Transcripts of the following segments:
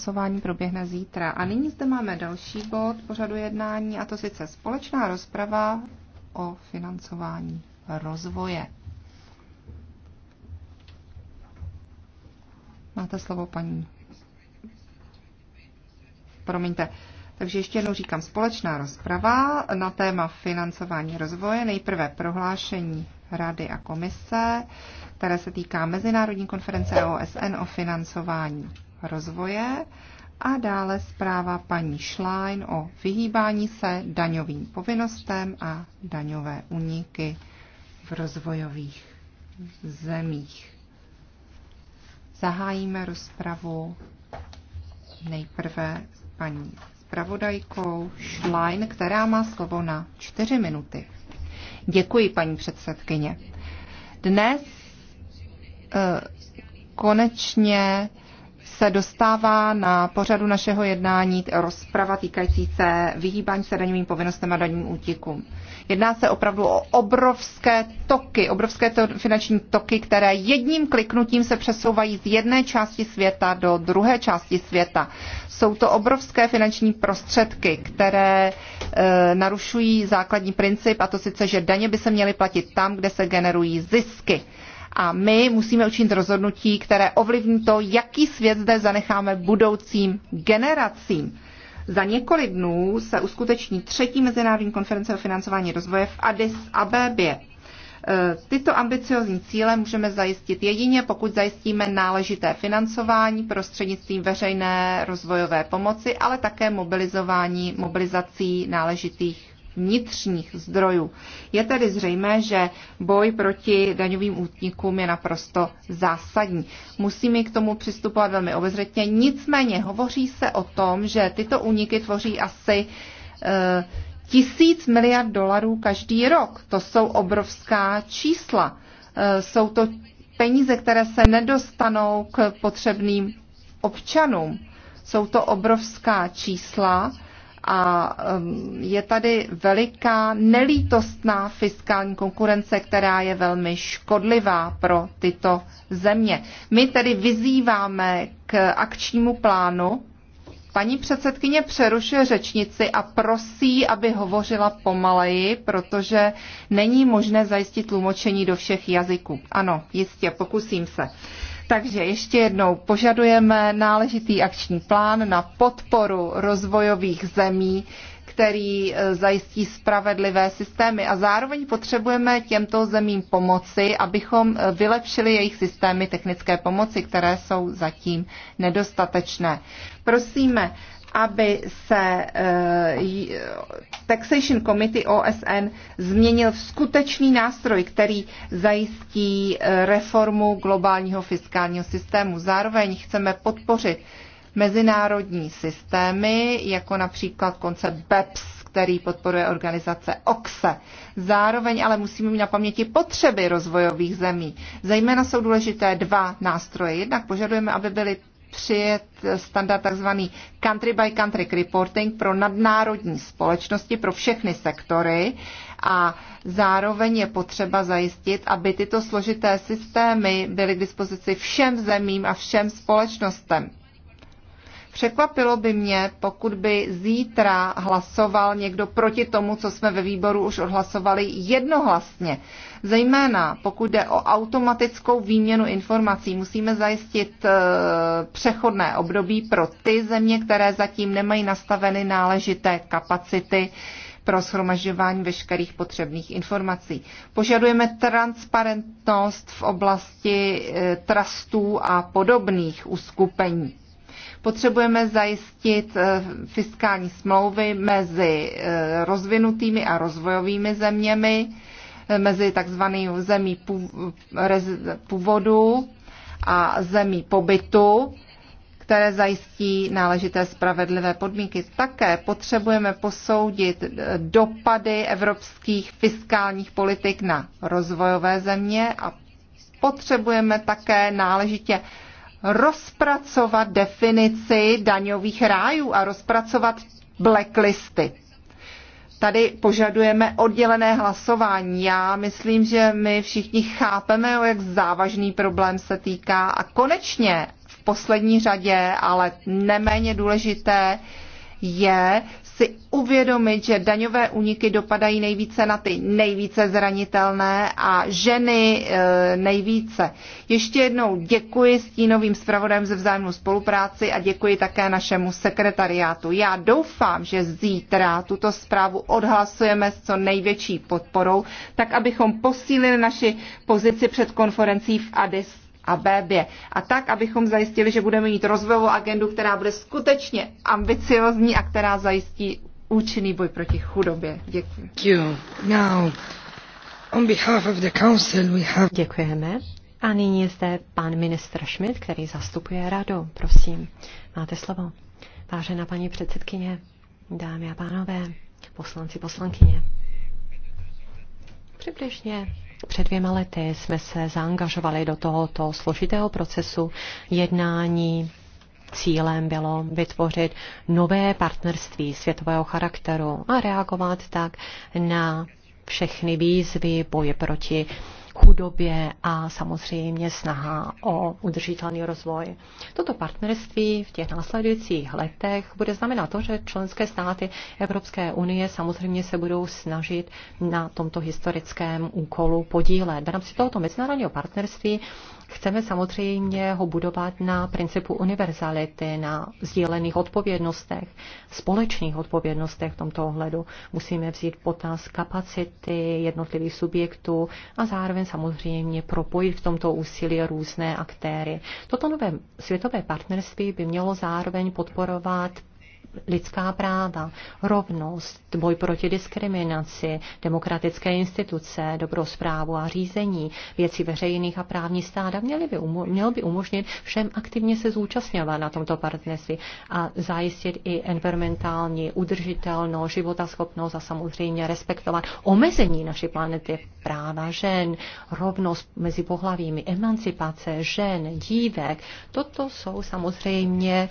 Hlasování proběhne zítra. A nyní zde máme další bod pořadu jednání, a to sice společná rozprava o financování rozvoje. Máte slovo, paní. Promiňte. Takže ještě jednou říkám společná rozprava na téma financování rozvoje. Nejprve prohlášení Rady a komise, které se týká Mezinárodní konference OSN o financování rozvoje a dále zpráva paní Schlein o vyhýbání se daňovým povinnostem a daňové uniky v rozvojových zemích. Zahájíme rozpravu nejprve s paní zpravodajkou Schlein, která má slovo na čtyři minuty. Děkuji, paní předsedkyně. Dnes eh, konečně se dostává na pořadu našeho jednání rozprava týkající se vyhýbání se daňovým povinnostem a daním útikům. Jedná se opravdu o obrovské toky, obrovské to, finanční toky, které jedním kliknutím se přesouvají z jedné části světa do druhé části světa. Jsou to obrovské finanční prostředky, které e, narušují základní princip, a to sice, že daně by se měly platit tam, kde se generují zisky a my musíme učinit rozhodnutí, které ovlivní to, jaký svět zde zanecháme budoucím generacím. Za několik dnů se uskuteční třetí mezinárodní konference o financování rozvoje v Addis Abebě. E, tyto ambiciozní cíle můžeme zajistit jedině, pokud zajistíme náležité financování prostřednictvím veřejné rozvojové pomoci, ale také mobilizování, mobilizací náležitých vnitřních zdrojů. Je tedy zřejmé, že boj proti daňovým útnikům je naprosto zásadní. Musíme k tomu přistupovat velmi obezřetně, nicméně hovoří se o tom, že tyto úniky tvoří asi e, tisíc miliard dolarů každý rok. To jsou obrovská čísla. E, jsou to peníze, které se nedostanou k potřebným občanům. Jsou to obrovská čísla a um, je tady veliká nelítostná fiskální konkurence, která je velmi škodlivá pro tyto země. My tedy vyzýváme k akčnímu plánu. Paní předsedkyně přerušuje řečnici a prosí, aby hovořila pomaleji, protože není možné zajistit tlumočení do všech jazyků. Ano, jistě, pokusím se. Takže ještě jednou požadujeme náležitý akční plán na podporu rozvojových zemí, který e, zajistí spravedlivé systémy a zároveň potřebujeme těmto zemím pomoci, abychom e, vylepšili jejich systémy technické pomoci, které jsou zatím nedostatečné. Prosíme aby se eh, Taxation Committee OSN změnil v skutečný nástroj, který zajistí eh, reformu globálního fiskálního systému. Zároveň chceme podpořit mezinárodní systémy, jako například koncept BEPS, který podporuje organizace OXE. Zároveň ale musíme mít na paměti potřeby rozvojových zemí. Zejména jsou důležité dva nástroje. Jednak požadujeme, aby byly přijet standard tzv. country by country reporting pro nadnárodní společnosti, pro všechny sektory a zároveň je potřeba zajistit, aby tyto složité systémy byly k dispozici všem zemím a všem společnostem. Překvapilo by mě, pokud by zítra hlasoval někdo proti tomu, co jsme ve výboru už odhlasovali jednohlasně. Zejména pokud jde o automatickou výměnu informací, musíme zajistit eh, přechodné období pro ty země, které zatím nemají nastaveny náležité kapacity pro shromažďování veškerých potřebných informací. Požadujeme transparentnost v oblasti eh, trustů a podobných uskupení. Potřebujeme zajistit eh, fiskální smlouvy mezi eh, rozvinutými a rozvojovými zeměmi, eh, mezi takzvanými zemí původu a zemí pobytu, které zajistí náležité spravedlivé podmínky. Také potřebujeme posoudit dopady evropských fiskálních politik na rozvojové země a potřebujeme také náležitě rozpracovat definici daňových rájů a rozpracovat blacklisty. Tady požadujeme oddělené hlasování. Já myslím, že my všichni chápeme, o jak závažný problém se týká. A konečně v poslední řadě, ale neméně důležité, je si uvědomit, že daňové úniky dopadají nejvíce na ty nejvíce zranitelné a ženy e, nejvíce. Ještě jednou děkuji stínovým zpravodajem ze vzájemnou spolupráci a děkuji také našemu sekretariátu. Já doufám, že zítra tuto zprávu odhlasujeme s co největší podporou, tak abychom posílili naši pozici před konferencí v Addis a BB. A tak, abychom zajistili, že budeme mít rozvojovou agendu, která bude skutečně ambiciozní a která zajistí účinný boj proti chudobě. Děkuji. Now, on behalf of the council we have... Děkujeme. A nyní je zde pan ministr Schmidt, který zastupuje radu. Prosím, máte slovo. Vážená paní předsedkyně, dámy a pánové, poslanci, poslankyně. Přibližně před dvěma lety jsme se zaangažovali do tohoto složitého procesu jednání. Cílem bylo vytvořit nové partnerství světového charakteru a reagovat tak na všechny výzvy boje proti chudobě a samozřejmě snaha o udržitelný rozvoj. Toto partnerství v těch následujících letech bude znamenat to, že členské státy Evropské unie samozřejmě se budou snažit na tomto historickém úkolu podílet. V rámci tohoto mezinárodního partnerství Chceme samozřejmě ho budovat na principu univerzality, na sdílených odpovědnostech, společných odpovědnostech v tomto ohledu. Musíme vzít potaz kapacity jednotlivých subjektů a zároveň samozřejmě propojit v tomto úsilí různé aktéry. Toto nové světové partnerství by mělo zároveň podporovat lidská práva, rovnost, boj proti diskriminaci, demokratické instituce, dobrou zprávu a řízení, věci veřejných a právní stáda měly by umo- měl by umožnit všem aktivně se zúčastňovat na tomto partnerství a zajistit i environmentální udržitelnou, životaschopnost a samozřejmě respektovat omezení naší planety, práva žen, rovnost mezi pohlavími, emancipace žen, dívek. Toto jsou samozřejmě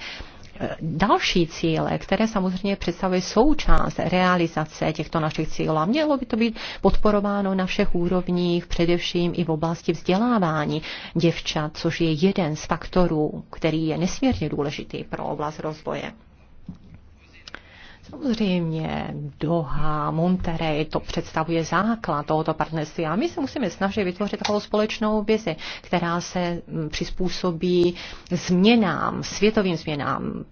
další cíle, které samozřejmě představují součást realizace těchto našich cílů. A mělo by to být podporováno na všech úrovních, především i v oblasti vzdělávání děvčat, což je jeden z faktorů, který je nesmírně důležitý pro oblast rozvoje. Samozřejmě Doha, Monterey, to představuje základ tohoto partnerství a my se musíme snažit vytvořit takovou společnou vizi, která se mm, přizpůsobí změnám, světovým změnám,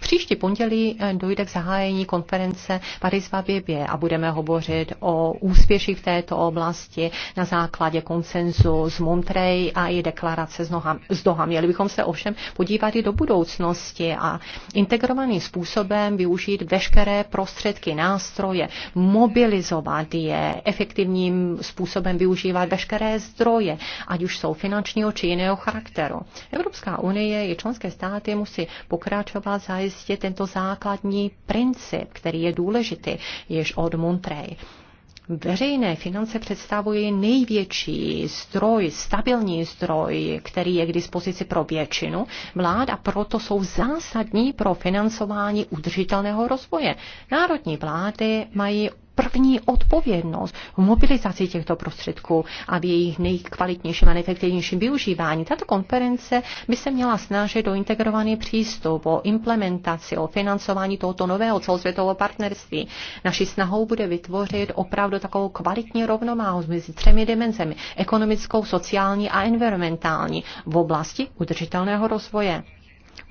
Příští pondělí eh, dojde k zahájení konference Paris v Abibě a budeme hovořit o úspěších v této oblasti na základě konsenzu z Montrey a i deklarace z Doha. Měli bychom se ovšem podívat i do budoucnosti a integrovaným způsobem využít veškeré prostředky, nástroje, mobilizovat je, efektivním způsobem využívat veškeré zdroje, ať už jsou finančního či jiného charakteru. Evropská unie i členské státy musí pokračovat za zajistit tento základní princip, který je důležitý, jež od Montrey. Veřejné finance představují největší zdroj, stabilní zdroj, který je k dispozici pro většinu vlád a proto jsou zásadní pro financování udržitelného rozvoje. Národní vlády mají první odpovědnost v mobilizaci těchto prostředků a v jejich nejkvalitnějším a nejefektivnějším využívání. Tato konference by se měla snažit o integrovaný přístup, o implementaci, o financování tohoto nového celosvětového partnerství. Naší snahou bude vytvořit opravdu takovou kvalitní rovnováhu mezi třemi dimenzemi ekonomickou, sociální a environmentální v oblasti udržitelného rozvoje.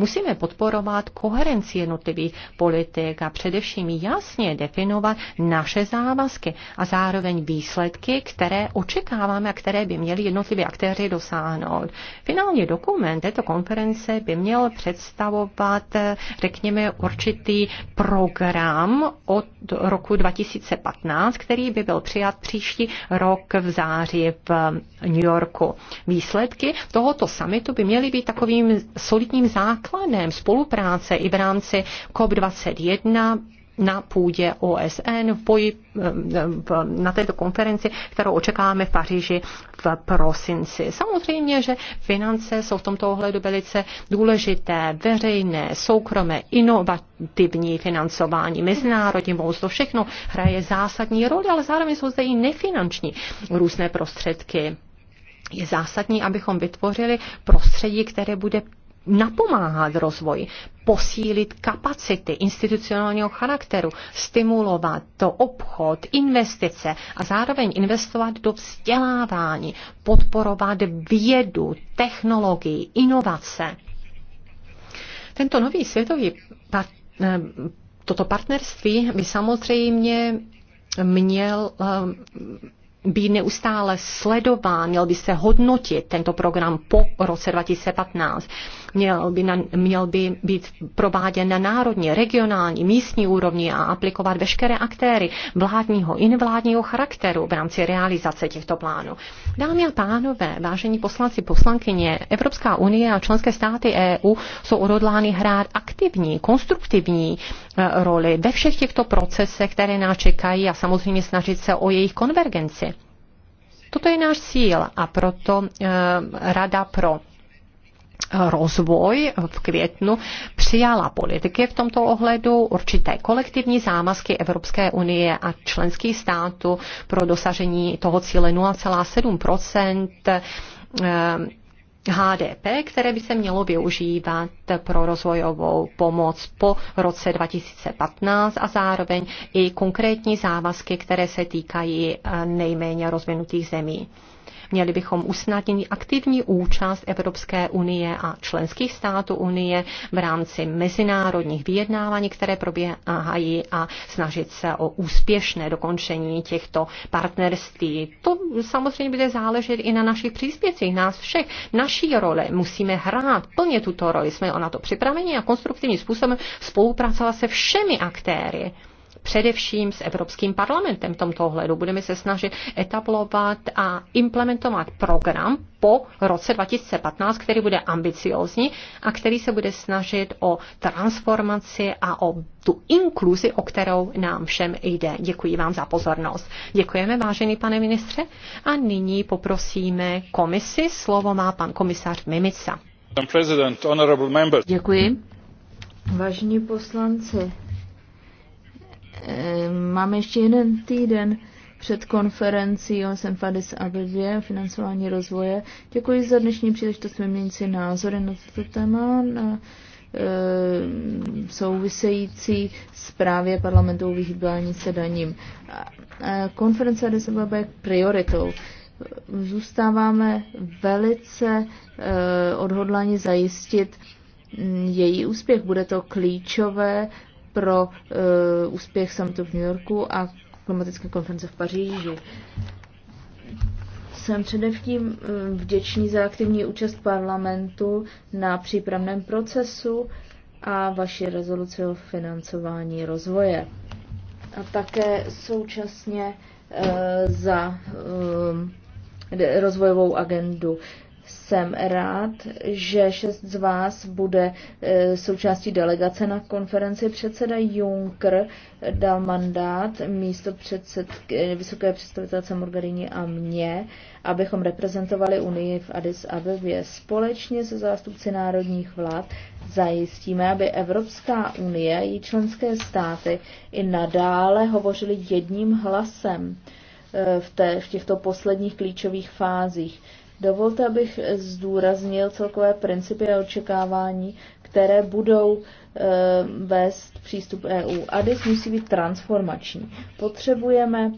Musíme podporovat koherenci jednotlivých politik a především jasně definovat naše závazky a zároveň výsledky, které očekáváme a které by měli jednotliví aktéři dosáhnout. Finální dokument této konference by měl představovat, řekněme, určitý program od roku 2015, který by byl přijat příští rok v září v New Yorku. Výsledky tohoto summitu by měly být takovým solidním základem základem spolupráce i v rámci COP21 na půdě OSN v boji na této konferenci, kterou očekáváme v Paříži v prosinci. Samozřejmě, že finance jsou v tomto ohledu velice důležité, veřejné, soukromé, inovativní financování, mezinárodní moc, to všechno hraje zásadní roli, ale zároveň jsou zde i nefinanční různé prostředky je zásadní, abychom vytvořili prostředí, které bude napomáhat rozvoji, posílit kapacity institucionálního charakteru, stimulovat to obchod, investice a zároveň investovat do vzdělávání, podporovat vědu, technologii, inovace. Tento nový světový part, eh, toto partnerství by samozřejmě měl eh, být neustále sledován, měl by se hodnotit tento program po roce 2015, měl by, na, měl by být prováděn na národní, regionální, místní úrovni a aplikovat veškeré aktéry vládního i nevládního charakteru v rámci realizace těchto plánů. Dámy a pánové, vážení poslanci, poslankyně, Evropská unie a členské státy EU jsou odhodlány hrát aktivní, konstruktivní eh, roli ve všech těchto procesech, které nás čekají a samozřejmě snažit se o jejich konvergenci. Toto je náš cíl a proto eh, Rada pro eh, rozvoj v květnu přijala politiky v tomto ohledu určité kolektivní zámazky Evropské unie a členských států pro dosažení toho cíle 0,7 HDP, které by se mělo využívat pro rozvojovou pomoc po roce 2015 a zároveň i konkrétní závazky, které se týkají eh, nejméně rozvinutých zemí. Měli bychom usnadnit aktivní účast Evropské unie a členských států unie v rámci mezinárodních vyjednávání, které probíhají a snažit se o úspěšné dokončení těchto partnerství. To samozřejmě bude záležet i na našich příspěvcích, nás všech. Naší role musíme hrát plně tuto roli. Jsme na to připraveni a konstruktivním způsobem spolupracovat se všemi aktéry především s Evropským parlamentem v tomto ohledu. Budeme se snažit etablovat a implementovat program po roce 2015, který bude ambiciózní a který se bude snažit o transformaci a o tu inkluzi, o kterou nám všem jde. Děkuji vám za pozornost. Děkujeme, vážený pane ministře. A nyní poprosíme komisi. Slovo má pan komisař Mimica. Děkuji. Vážení poslanci, Eh, máme ještě jeden týden před konferencí OSN v a financování rozvoje. Děkuji za dnešní příležitost vyměnit si názory na toto téma, na e, související zprávě parlamentu o vyhýbání se daním. Konference Addis je prioritou. Zůstáváme velice e, eh, odhodlani zajistit mm, její úspěch. Bude to klíčové pro uh, úspěch summitu v New Yorku a klimatické konference v Paříži. Jsem především eh, vděčný za aktivní účast parlamentu na přípravném procesu a vaši rezoluci o financování rozvoje. A také současně eh, za rozvojovou agendu. Jsem rád, že šest z vás bude e, součástí delegace na konferenci. Předseda Juncker dal mandát místo předsed, e, vysoké představitelce Morgarini a mě, abychom reprezentovali Unii v Addis Abebě. Společně se zástupci národních vlád zajistíme, aby Evropská unie a její členské státy i nadále hovořili jedním hlasem e, v, té, v těchto posledních klíčových fázích. Dovolte, abych zdůraznil celkové principy a očekávání, které budou eh, vést přístup EU. ADIS musí být transformační. Potřebujeme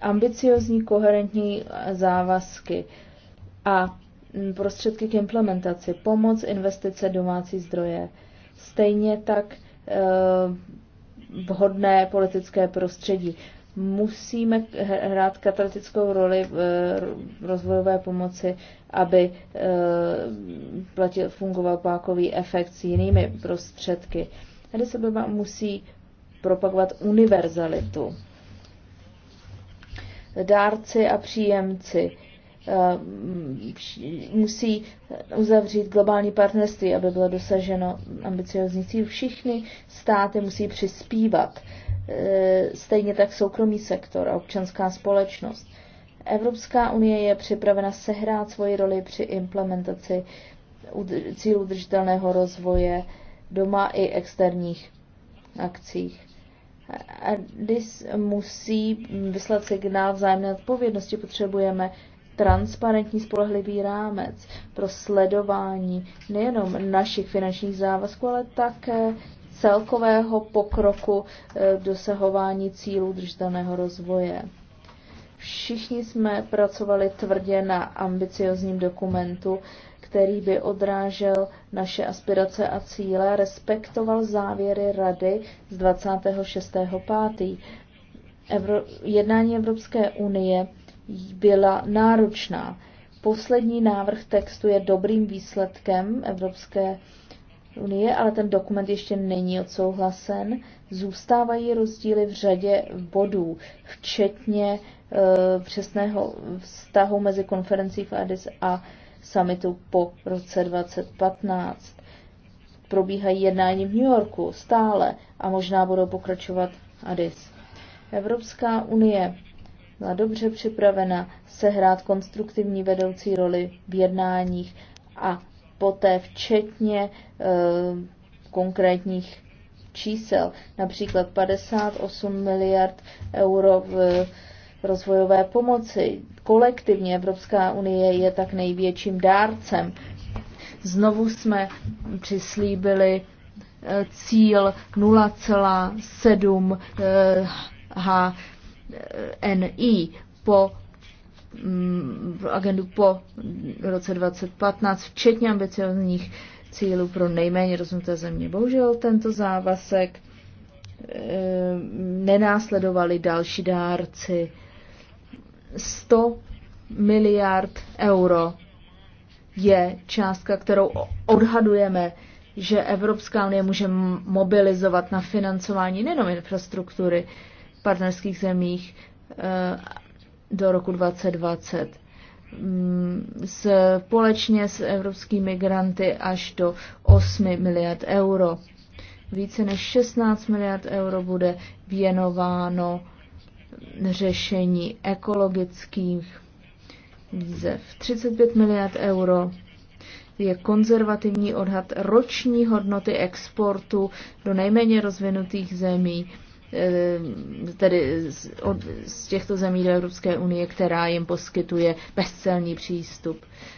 ambiciozní, koherentní závazky a prostředky k implementaci, pomoc, investice, domácí zdroje. Stejně tak eh, vhodné politické prostředí musíme hrát katalytickou roli v eh, rozvojové pomoci, aby eh, platil, fungoval pákový efekt s jinými prostředky. Tady se byla, musí propagovat univerzalitu. Dárci a příjemci Eh, mm, musí uzavřít globální partnerství, aby bylo dosaženo ambiciozní cíl. Všichni státy musí přispívat, eh, stejně tak soukromý sektor a občanská společnost. Evropská unie je připravena sehrát svoji roli při implementaci cílů udržitelného rozvoje doma i externích akcích. Addis musí vyslat signál vzájemné odpovědnosti. Potřebujeme transparentní spolehlivý rámec pro sledování nejenom našich finančních závazků, ale také celkového pokroku eh, dosahování cílů držitelného rozvoje. Všichni jsme pracovali tvrdě na ambiciozním dokumentu, který by odrážel naše aspirace a cíle, respektoval závěry Rady z 26.5. Evro- jednání Evropské unie byla náročná. Poslední návrh textu je dobrým výsledkem Evropské unie, ale ten dokument ještě není odsouhlasen. Zůstávají rozdíly v řadě bodů, včetně e, přesného vztahu mezi konferencí v Addis a summitu po roce 2015. Probíhají jednání v New Yorku stále a možná budou pokračovat Addis. Evropská unie byla dobře připravena sehrát konstruktivní vedoucí roli v jednáních a poté včetně e, konkrétních čísel, například 58 miliard euro v rozvojové pomoci. Kolektivně Evropská unie je tak největším dárcem. Znovu jsme přislíbili eh, cíl 0,7 eh, H NI po mm, v agendu po roce 2015, včetně ambiciozních cílů pro nejméně rozvinuté země. Bohužel tento závazek eh, nenásledovali další dárci. 100 miliard euro je částka, kterou odhadujeme, že Evropská unie může mobilizovat na financování nejenom infrastruktury, partnerských zemích eh, do roku 2020 mm, společně s evropskými granty až do 8 miliard euro. Více než 16 miliard euro bude věnováno řešení ekologických výzev. 35 miliard euro je konzervativní odhad roční hodnoty exportu do nejméně rozvinutých zemí Eh, tedy z, od, z těchto zemí do Evropské unie, která jim poskytuje bezcelní přístup.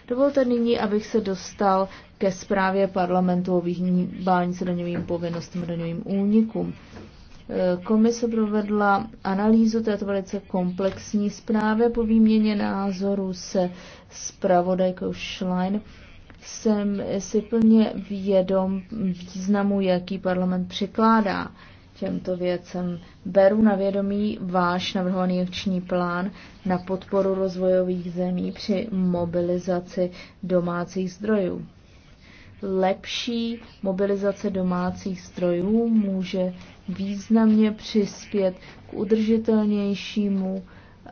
Dovolte nyní, abych se dostal ke zprávě parlamentu o vyhýbání se daňovým povinnostem a daňovým únikům. Eh, komise provedla analýzu této velice komplexní zprávy po výměně názorů se zpravodajkou Schlein jsem si plně vědom významu, jaký parlament překládá těmto věcem. Beru na vědomí váš navrhovaný akční plán na podporu rozvojových zemí při mobilizaci domácích zdrojů. Lepší mobilizace domácích zdrojů může významně přispět k udržitelnějšímu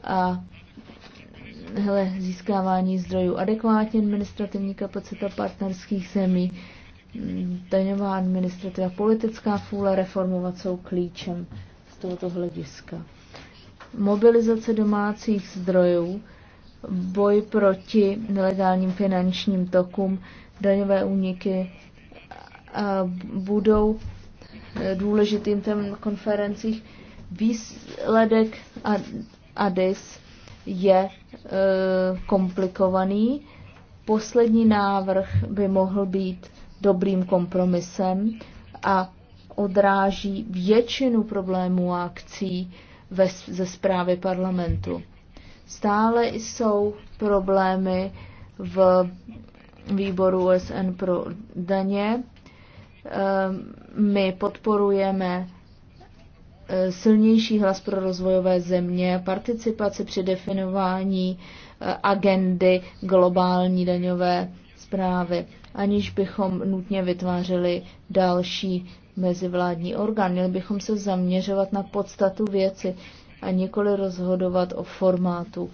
a hele, získávání zdrojů adekvátně administrativní kapacita partnerských zemí daňová administrativa, politická fůle reformovat jsou klíčem z tohoto hlediska. Mobilizace domácích zdrojů, boj proti nelegálním finančním tokům, daňové úniky budou důležitým tém konferencích. Výsledek ADIS je e, komplikovaný. Poslední návrh by mohl být dobrým kompromisem a odráží většinu problémů a akcí ve, ze zprávy parlamentu. Stále jsou problémy v výboru OSN pro daně. Ehm, my podporujeme e, silnější hlas pro rozvojové země, participaci při definování e, agendy globální daňové zprávy, aniž bychom nutně vytvářeli další mezivládní orgán. Měli bychom se zaměřovat na podstatu věci a nikoli rozhodovat o formátu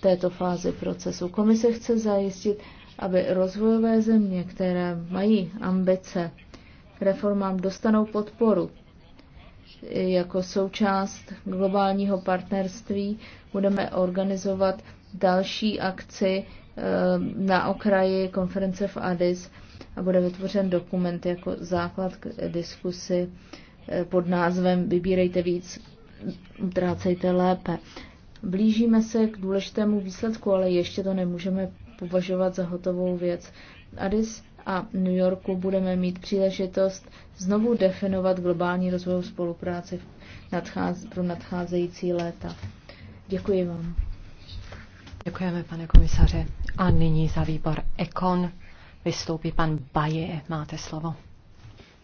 této fáze procesu. Komise chce zajistit, aby rozvojové země, které mají ambice k reformám, dostanou podporu. Jako součást globálního partnerství budeme organizovat další akci Eh, na okraji konference v Addis a bude vytvořen dokument jako základ k diskusi eh, pod názvem Vybírejte víc, utrácejte lépe. Blížíme se k důležitému výsledku, ale ještě to nemůžeme považovat za hotovou věc. Addis a New Yorku budeme mít příležitost znovu definovat globální rozvojovou spolupráci pro nadcházející léta. Děkuji vám. Děkujeme, pane komisaře. A nyní za výbor Econ. vystoupí pan Baje. Máte slovo.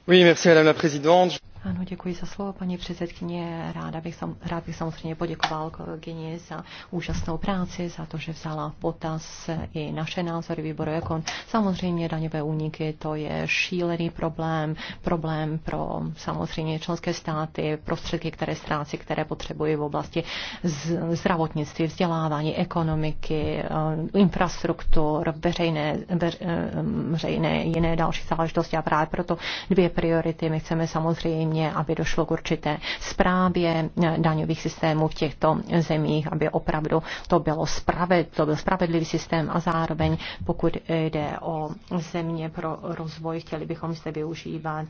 Oui, merci, madame la présidente. Ano, děkuji za slovo, paní předsedkyně. Ráda bych, sam, rád bych samozřejmě poděkoval kolegyni za úžasnou práci, za to, že vzala v potaz i naše názory výboru jako Samozřejmě daňové úniky, to je šílený problém, problém pro samozřejmě členské státy, prostředky, které ztrácí, které potřebují v oblasti zdravotnictví, vzdělávání, ekonomiky, eh, infrastruktur, veřejné, eh, veřejné jiné další záležitosti a právě proto dvě priority. My chceme samozřejmě samozřejmě, aby došlo k určité zprávě daňových systémů v těchto zemích, aby opravdu to, bylo spraved, to byl spravedlivý systém a zároveň, pokud jde o země pro rozvoj, chtěli bychom zde využívat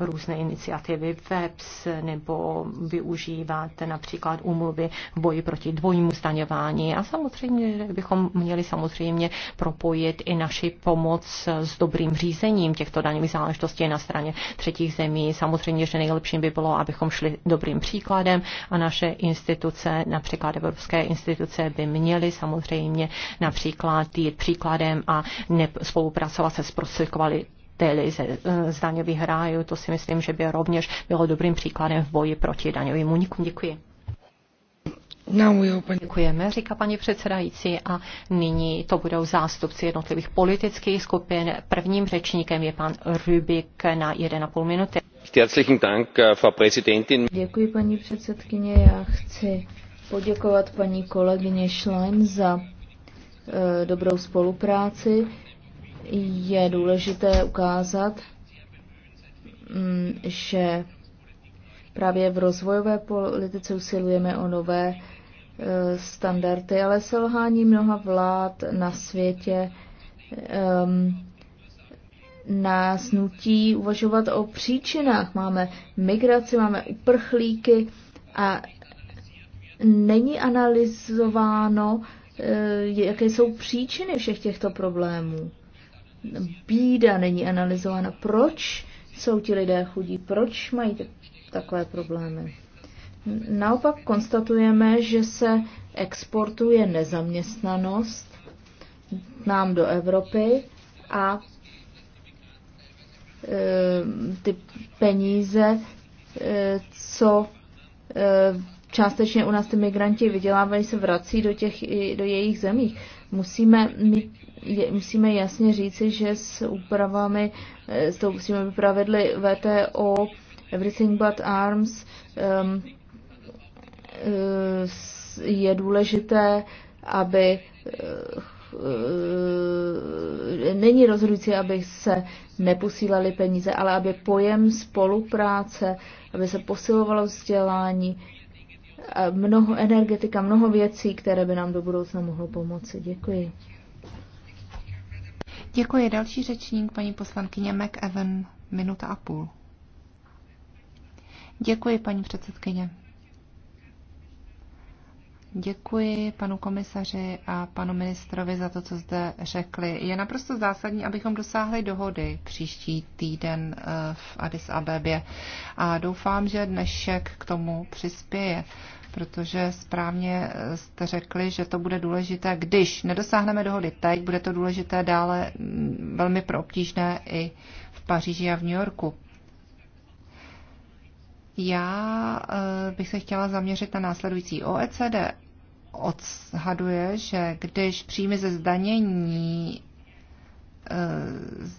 různé iniciativy VEPS nebo využívat například umluvy v boji proti dvojímu zdaňování a samozřejmě, bychom měli samozřejmě propojit i naši pomoc s dobrým řízením těchto daňových záležitostí na straně třetích zemí. Samozřejmě samozřejmě, že nejlepším by bylo, abychom šli dobrým příkladem a naše instituce, například evropské instituce, by měly samozřejmě například jít příkladem a ne, spolupracovat se zprostředkovali kartely ze, eh, z daňových rájů. To si myslím, že by rovněž bylo dobrým příkladem v boji proti daňovým únikům. Děkuji. Děkujeme, říká paní předsedající, a nyní to budou zástupci jednotlivých politických skupin. Prvním řečníkem je pan Rubik na 1,5 minuty. Äh, Děkuji, paní předsedkyně. Já chci poděkovat paní kolegyně Schlein za e, dobrou spolupráci. Je důležité ukázat, m, mm, že právě v rozvojové politice usilujeme o nové e, standardy, ale selhání mnoha vlád na světě e, nás nutí uvažovat o příčinách. Máme migraci, máme uprchlíky a není analyzováno, eh, jaké jsou příčiny všech těchto problémů. Bída není analyzována. Proč jsou ti lidé chudí? Proč mají takové problémy? Naopak konstatujeme, že se exportuje nezaměstnanost nám do Evropy a Eh, ty peníze, eh, co eh, částečně u nás ty migranti vydělávají, se vrací do, těch, do jejich zemí. Musíme, je, musíme jasně říci, že s úpravami, s tou musíme vypravedli VTO, Everything But Arms, um, je důležité, aby Eh, není rozhodující, aby se neposílaly peníze, ale aby pojem spolupráce, aby se posilovalo vzdělání, mnoho energetika, mnoho věcí, které by nám do budoucna mohlo pomoci. Děkuji. Děkuji. Další řečník, paní poslankyně McEwen, minuta a půl. Děkuji, paní předsedkyně. Děkuji panu komisaři a panu ministrovi za to, co zde řekli. Je naprosto zásadní, abychom dosáhli dohody příští týden eh, v Addis Abebě a doufám, že dnešek k tomu přispěje, protože správně eh, jste řekli, že to bude důležité. Když nedosáhneme dohody teď, bude to důležité dále mm, velmi pro obtížné i v Paříži a v New Yorku. Já eh, bych se chtěla zaměřit na následující. OECD odhaduje, že když příjmy ze zdanění eh,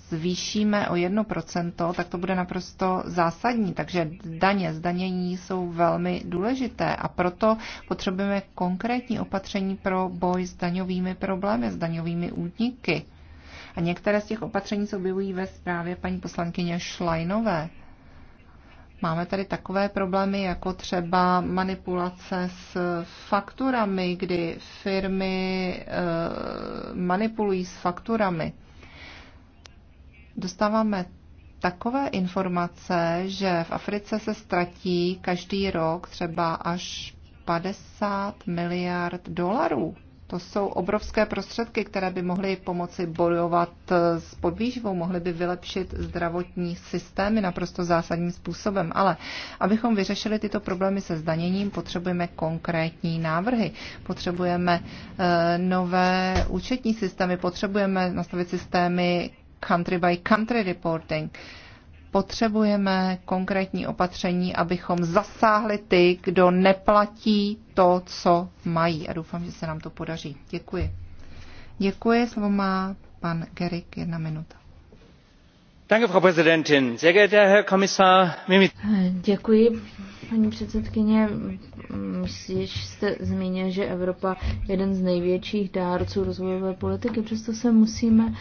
zvýšíme o 1%, tak to bude naprosto zásadní. Takže daně, zdanění jsou velmi důležité a proto potřebujeme konkrétní opatření pro boj s daňovými problémy, s daňovými úniky. A některé z těch opatření se objevují ve zprávě paní poslankyně Šlajnové. Máme tady takové problémy jako třeba manipulace s fakturami, kdy firmy eh, manipulují s fakturami. Dostáváme takové informace, že v Africe se ztratí každý rok třeba až 50 miliard dolarů. To jsou obrovské prostředky, které by mohly pomoci bojovat eh, s podvýživou, mohly by vylepšit zdravotní systémy naprosto zásadním způsobem. Ale abychom vyřešili tyto problémy se zdaněním, potřebujeme konkrétní návrhy. Potřebujeme eh, nové účetní systémy, potřebujeme nastavit systémy country by country reporting potřebujeme konkrétní opatření, abychom zasáhli ty, kdo neplatí to, co mají. A doufám, že se nám to podaří. Děkuji. Děkuji, slovo má pan Gerik, jedna minuta. Děkuji, paní předsedkyně. Již jste zmínil, že Evropa je jeden z největších dárců rozvojové politiky, přesto se musíme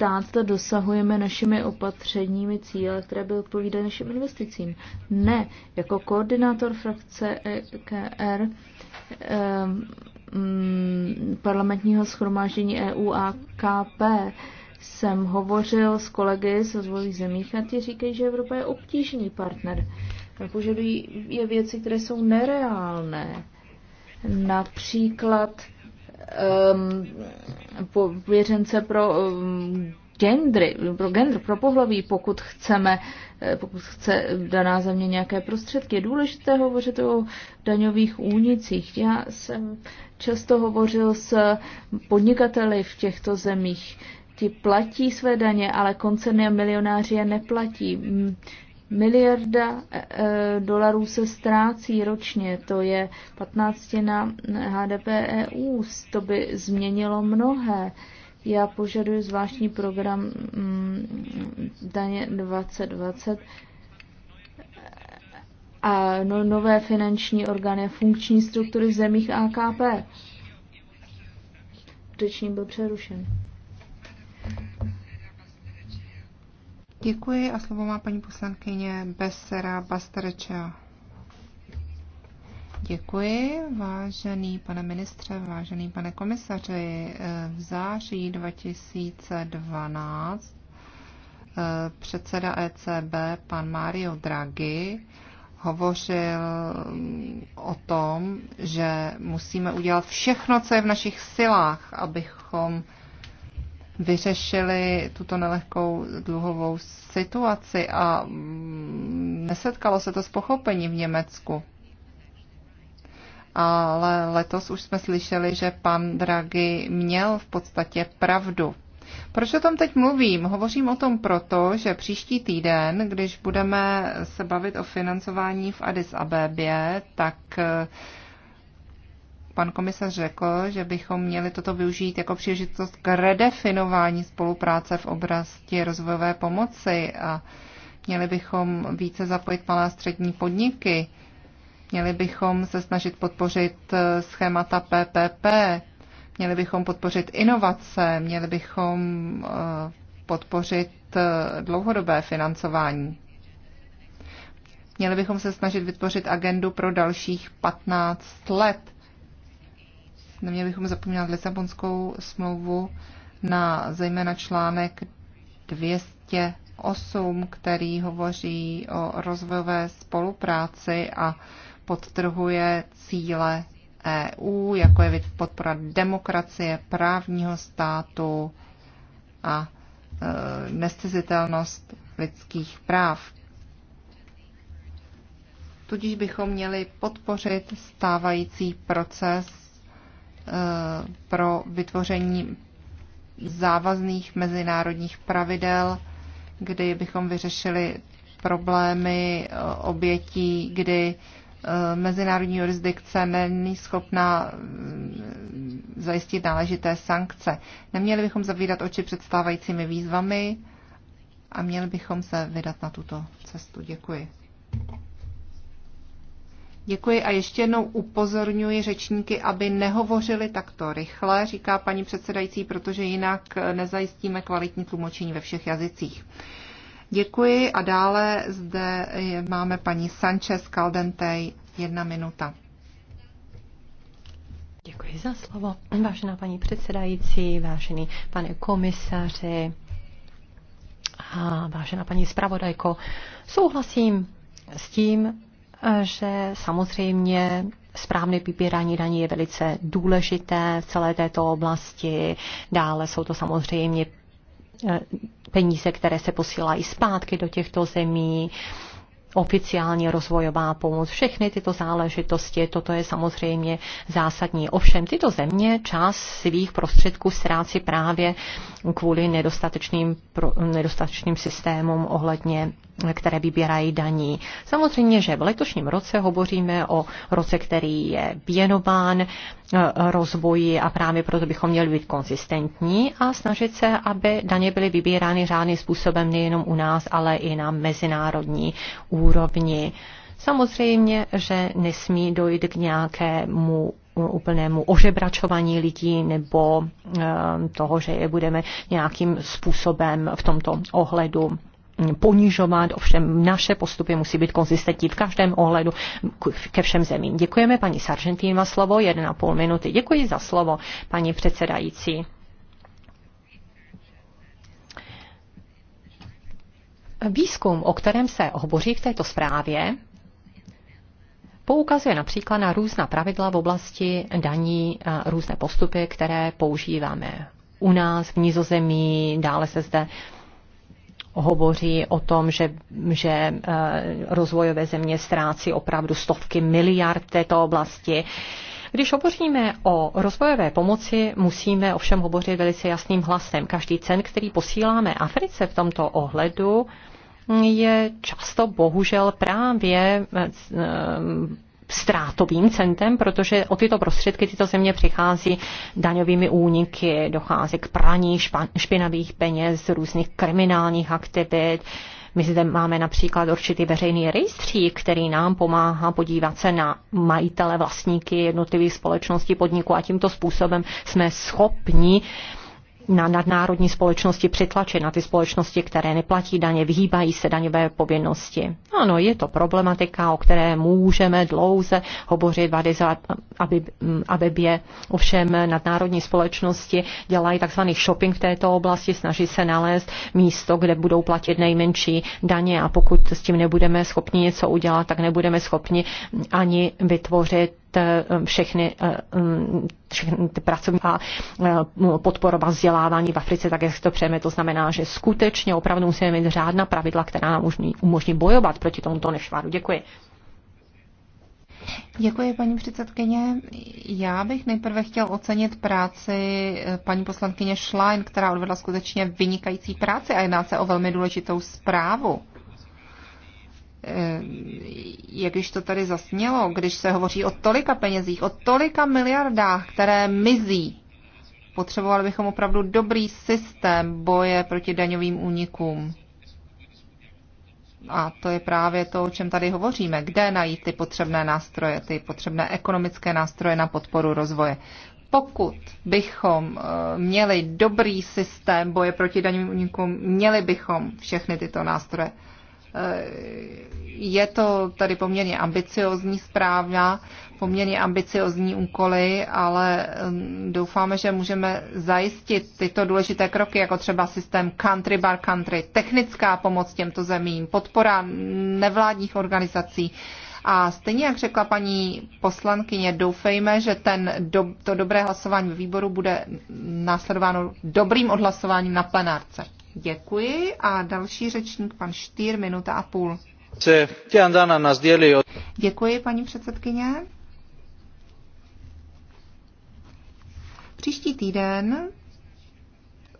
ptát, zda dosahujeme našimi opatřeními cíle, které by odpovídaly našim investicím. Ne, jako koordinátor frakce EKR ehm, mm, parlamentního schromáždění EU a KP jsem hovořil s kolegy z rozvojových zemích a ti říkají, že Evropa je obtížný partner. Požadují je věci, které jsou nereálné. Například um, pověřence pro um, gendry, pro gender, pro pohlaví, pokud chceme, eh, pokud chce daná země nějaké prostředky. Je důležité hovořit o daňových únicích. Já jsem často hovořil s podnikateli v těchto zemích. Ti platí své daně, ale koncerny a milionáři je neplatí. Mm, Miliarda e, e, dolarů se ztrácí ročně, to je 15 na HDP EU, to by změnilo mnohé. Já požaduji zvláštní program mm, daně 2020 a no, nové finanční orgány a funkční struktury v zemích AKP. Řečník byl přerušen. Děkuji a slovo má paní poslankyně Besera Bastereča. Děkuji, vážený pane ministře, vážený pane komisaři. V září 2012 eh, předseda ECB, pan Mario Draghi, hovořil mm, o tom, že musíme udělat všechno, co je v našich silách, abychom vyřešili tuto nelehkou dluhovou situaci a mm, nesetkalo se to s pochopením v Německu. Ale letos už jsme slyšeli, že pan Draghi měl v podstatě pravdu. Proč o tom teď mluvím? Hovořím o tom proto, že příští týden, když budeme se bavit o financování v Addis Abebě, tak pan komisař řekl, že bychom měli toto využít jako příležitost k redefinování spolupráce v oblasti rozvojové pomoci a měli bychom více zapojit malé a střední podniky, měli bychom se snažit podpořit eh, schémata PPP, měli bychom podpořit inovace, měli bychom eh, podpořit eh, dlouhodobé financování. Měli bychom se snažit vytvořit agendu pro dalších 15 let. Neměli bychom zapomínat Lisabonskou smlouvu na zejména článek 208, který hovoří o rozvojové spolupráci a podtrhuje cíle EU, jako je podpora demokracie, právního státu a e, nestizitelnost lidských práv. Tudíž bychom měli podpořit stávající proces pro vytvoření závazných mezinárodních pravidel, kdy bychom vyřešili problémy eh, obětí, kdy eh, mezinárodní jurisdikce není schopná mm, zajistit náležité sankce. Neměli bychom zavídat oči před stávajícími výzvami a měli bychom se vydat na tuto cestu. Děkuji. Děkuji a ještě jednou upozorňuji řečníky, aby nehovořili takto rychle, říká paní předsedající, protože jinak nezajistíme kvalitní tlumočení ve všech jazycích. Děkuji a dále zde máme paní Sanchez Caldentej, jedna minuta. Děkuji za slovo. Vážená paní předsedající, vážený pane komisaři a vážená paní zpravodajko, souhlasím s tím, že samozřejmě správné vybírání daní je velice důležité v celé této oblasti. Dále jsou to samozřejmě eh, peníze, které se posílají zpátky do těchto zemí oficiální rozvojová pomoc, všechny tyto záležitosti, toto je samozřejmě zásadní. Ovšem tyto země část svých prostředků ztrácí právě kvůli nedostatečným, nedostatečným systémům ohledně které vybírají daní. Samozřejmě, že v letošním roce hovoříme o roce, který je věnován e, rozvoji a právě proto bychom měli být konzistentní a snažit se, aby daně byly vybírány řádným způsobem nejenom u nás, ale i na mezinárodní úrovni. Samozřejmě, že nesmí dojít k nějakému úplnému ožebračování lidí nebo e, toho, že je budeme nějakým způsobem v tomto ohledu ponižovat, ovšem naše postupy musí být konzistentní v každém ohledu ke všem zemím. Děkujeme paní Sargentín za slovo, 1,5 minuty. Děkuji za slovo, paní předsedající. Výzkum, o kterém se hovoří v této zprávě, poukazuje například na různá pravidla v oblasti daní, různé postupy, které používáme u nás v Nizozemí, dále se zde uh, hovoří o tom, že, že eh, rozvojové země ztrácí opravdu stovky miliard této oblasti. Když hovoříme o rozvojové pomoci, musíme ovšem hovořit velice jasným hlasem. Každý cen, který posíláme Africe v tomto ohledu, je často bohužel právě eh, ztrátovým centem, protože o tyto prostředky tyto země přichází daňovými úniky, dochází k praní špinavých peněz, různých kriminálních aktivit, my zde máme například určitý veřejný rejstřík, který nám pomáhá podívat se na majitele, vlastníky jednotlivých společností, podniků a tímto způsobem jsme schopni uh, na nadnárodní společnosti přitlačit, na ty společnosti, které neplatí daně, vyhýbají se daňové povinnosti. Ano, je to problematika, o které můžeme dlouze hovořit aby, aby je ovšem nadnárodní společnosti dělají tzv. shopping v této oblasti, snaží se nalézt místo, kde budou platit nejmenší daně a pokud s tím nebudeme schopni něco udělat, tak nebudeme schopni ani vytvořit E, všechny, e, všechny ty pracovní a e, podporova vzdělávání v Africe, tak jak to přejeme. To znamená, že skutečně opravdu musíme mít řádná pravidla, která nám umožní, umožní bojovat proti tomuto nešváru. Děkuji. Děkuji, paní předsedkyně. Já bych nejprve chtěl ocenit práci paní poslankyně Schlein, která odvedla skutečně vynikající práci a jedná se o velmi důležitou zprávu. Eh, jak již to tady zasnělo, když se hovoří o tolika penězích, o tolika miliardách, které mizí, potřebovali bychom opravdu dobrý systém boje proti daňovým únikům. A to je právě to, o čem tady hovoříme. Kde najít ty potřebné nástroje, ty potřebné ekonomické nástroje na podporu rozvoje. Pokud bychom eh, měli dobrý systém boje proti daňovým únikům, měli bychom všechny tyto nástroje. Je to tady poměrně ambiciozní zpráva, poměrně ambiciozní úkoly, ale mm, doufáme, že můžeme zajistit tyto důležité kroky, jako třeba systém country by country, technická pomoc těmto zemím, podpora nevládních organizací. A stejně jak řekla paní poslankyně, doufejme, že ten, do, to dobré hlasování v výboru bude následováno dobrým odhlasováním na plenárce. Děkuji a další řečník, pan Štýr, minuta a půl. Děkuji, paní předsedkyně. Příští týden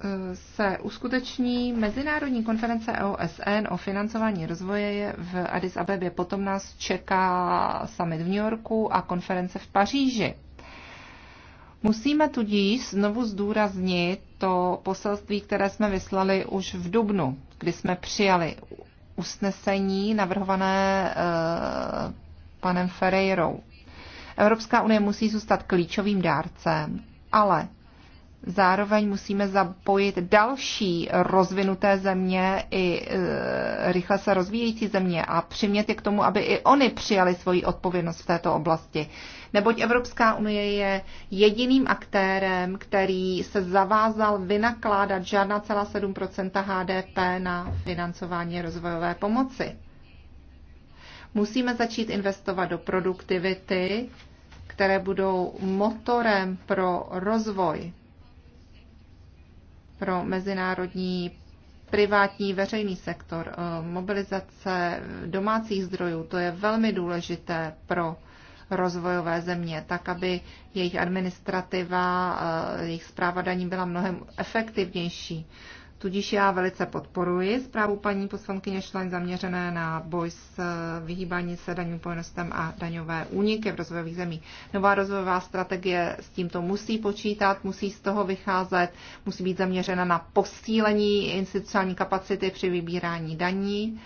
eh, se uskuteční Mezinárodní konference OSN o financování rozvoje v Addis Abebě. Potom nás čeká summit v New Yorku a konference v Paříži. Musíme tudíž znovu zdůraznit to poselství, které jsme vyslali už v Dubnu, kdy jsme přijali usnesení navrhované e, panem Ferreirou. Evropská unie musí zůstat klíčovým dárcem, ale Zároveň musíme zapojit další rozvinuté země i e, rychle se rozvíjející země a přimět je k tomu, aby i oni přijali svoji odpovědnost v této oblasti. Neboť Evropská unie je jediným aktérem, který se zavázal vynakládat žádná celá 7 HDP na financování rozvojové pomoci. Musíme začít investovat do produktivity, které budou motorem pro rozvoj pro mezinárodní privátní veřejný sektor, eh, mobilizace domácích zdrojů, to je velmi důležité pro rozvojové země, tak aby jejich administrativa, eh, jejich zpráva daní byla mnohem efektivnější. Tudíž já velice podporuji zprávu paní poslankyně Šlein zaměřené na boj s eh, vyhýbání se daňovým povinnostem a daňové úniky v rozvojových zemích. Nová rozvojová strategie s tímto musí počítat, musí z toho vycházet, musí být zaměřena na posílení institucionální kapacity při vybírání daní.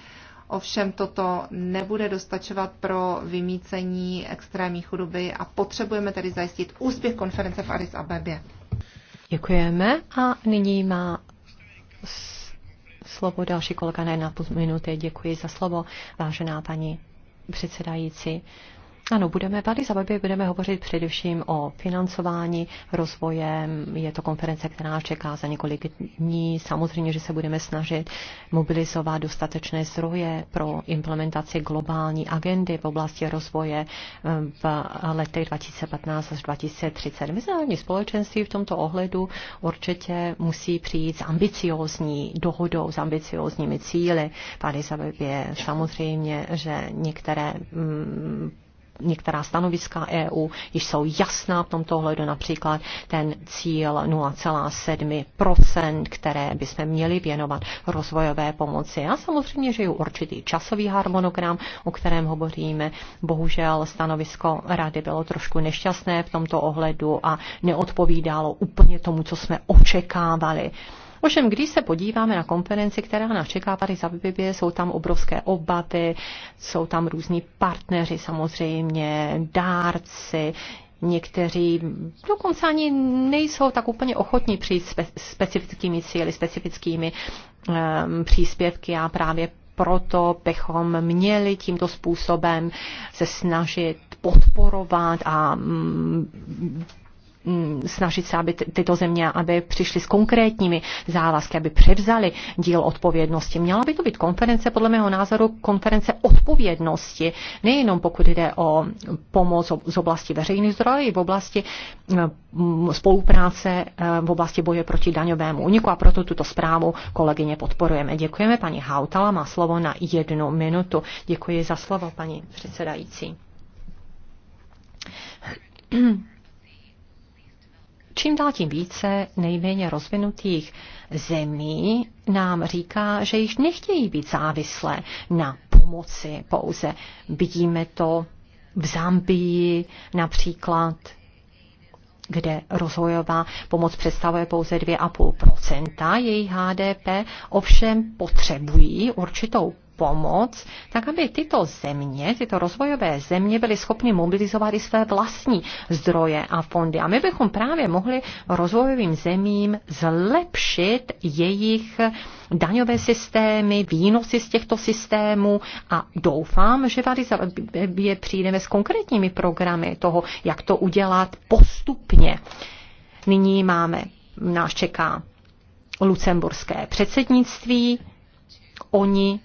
Ovšem toto nebude dostačovat pro vymícení extrémní chudoby a potřebujeme tedy zajistit úspěch konference v Addis Abebě. Děkujeme a nyní má slovo další kolega na jedna minuty. Děkuji za slovo, vážená paní předsedající. Ano, budeme v Addis Abebě budeme hovořit především o financování, rozvoje. Je to konference, která čeká za několik dní. Samozřejmě, že se budeme snažit mobilizovat dostatečné zdroje pro implementaci globální agendy v oblasti rozvoje ehm, v letech 2015 až 2030. Mezinárodní společenství v tomto ohledu určitě musí přijít s ambiciózní dohodou, s ambiciózními cíly. V Addis Abebě samozřejmě, že některé mm, některá stanoviska EU již jsou jasná v tomto ohledu, například ten cíl 0,7%, které bychom měli věnovat rozvojové pomoci. A samozřejmě, že je určitý časový harmonogram, o kterém hovoříme. Bohužel stanovisko rady bylo trošku nešťastné v tomto ohledu a neodpovídalo úplně tomu, co jsme očekávali. Ovšem, když se podíváme na konferenci, která nás čeká tady za Bibě, jsou tam obrovské obavy, jsou tam různí partneři samozřejmě, dárci, někteří dokonce ani nejsou tak úplně ochotní přijít spe- specifickými cíly, specifickými um, příspěvky a právě proto bychom měli tímto způsobem se snažit podporovat a mm, Mm, snažit se, aby tyto země aby přišly s konkrétními závazky, aby převzali díl odpovědnosti. Měla by to být konference, podle mého názoru, konference odpovědnosti, nejenom pokud jde o pomoc z oblasti veřejných zdrojů, i v oblasti mm, spolupráce eh, v oblasti boje proti daňovému úniku a proto tuto zprávu kolegyně podporujeme. Děkujeme. Paní Hautala má slovo na jednu minutu. Děkuji za slovo, paní předsedající. Čím dál tím více nejméně rozvinutých zemí nám říká, že již nechtějí být závislé na pomoci pouze. Vidíme to v Zambii například, kde rozvojová pomoc představuje pouze 2,5 jejich HDP, ovšem potřebují určitou pomoc, tak aby tyto země, tyto rozvojové země byly schopny mobilizovat i své vlastní zdroje a fondy. A my bychom právě mohli rozvojovým zemím zlepšit jejich daňové systémy, výnosy z těchto systémů a doufám, že tady je přijdeme s konkrétními programy toho, jak to udělat postupně. Nyní máme, nás čeká lucemburské předsednictví, oni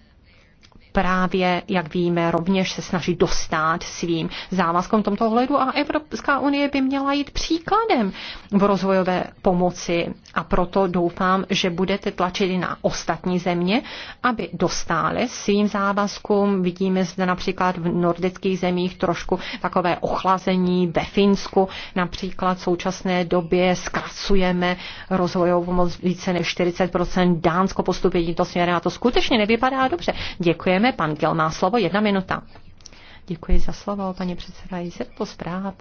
právě, jak víme, rovněž se snaží dostat svým závazkům tomto ohledu a Evropská unie by měla jít příkladem v rozvojové pomoci a proto doufám, že budete tlačit i na ostatní země, aby dostály svým závazkům. Vidíme zde například v nordických zemích trošku takové ochlazení ve Finsku. Například v současné době zkracujeme rozvojovou pomoc více než 40%. Dánsko postupuje tímto směrem a to skutečně nevypadá dobře. Děkujeme Děkujeme. Pan Kel má slovo. Jedna minuta. Děkuji za slovo, paní předsedající. Je to zpráva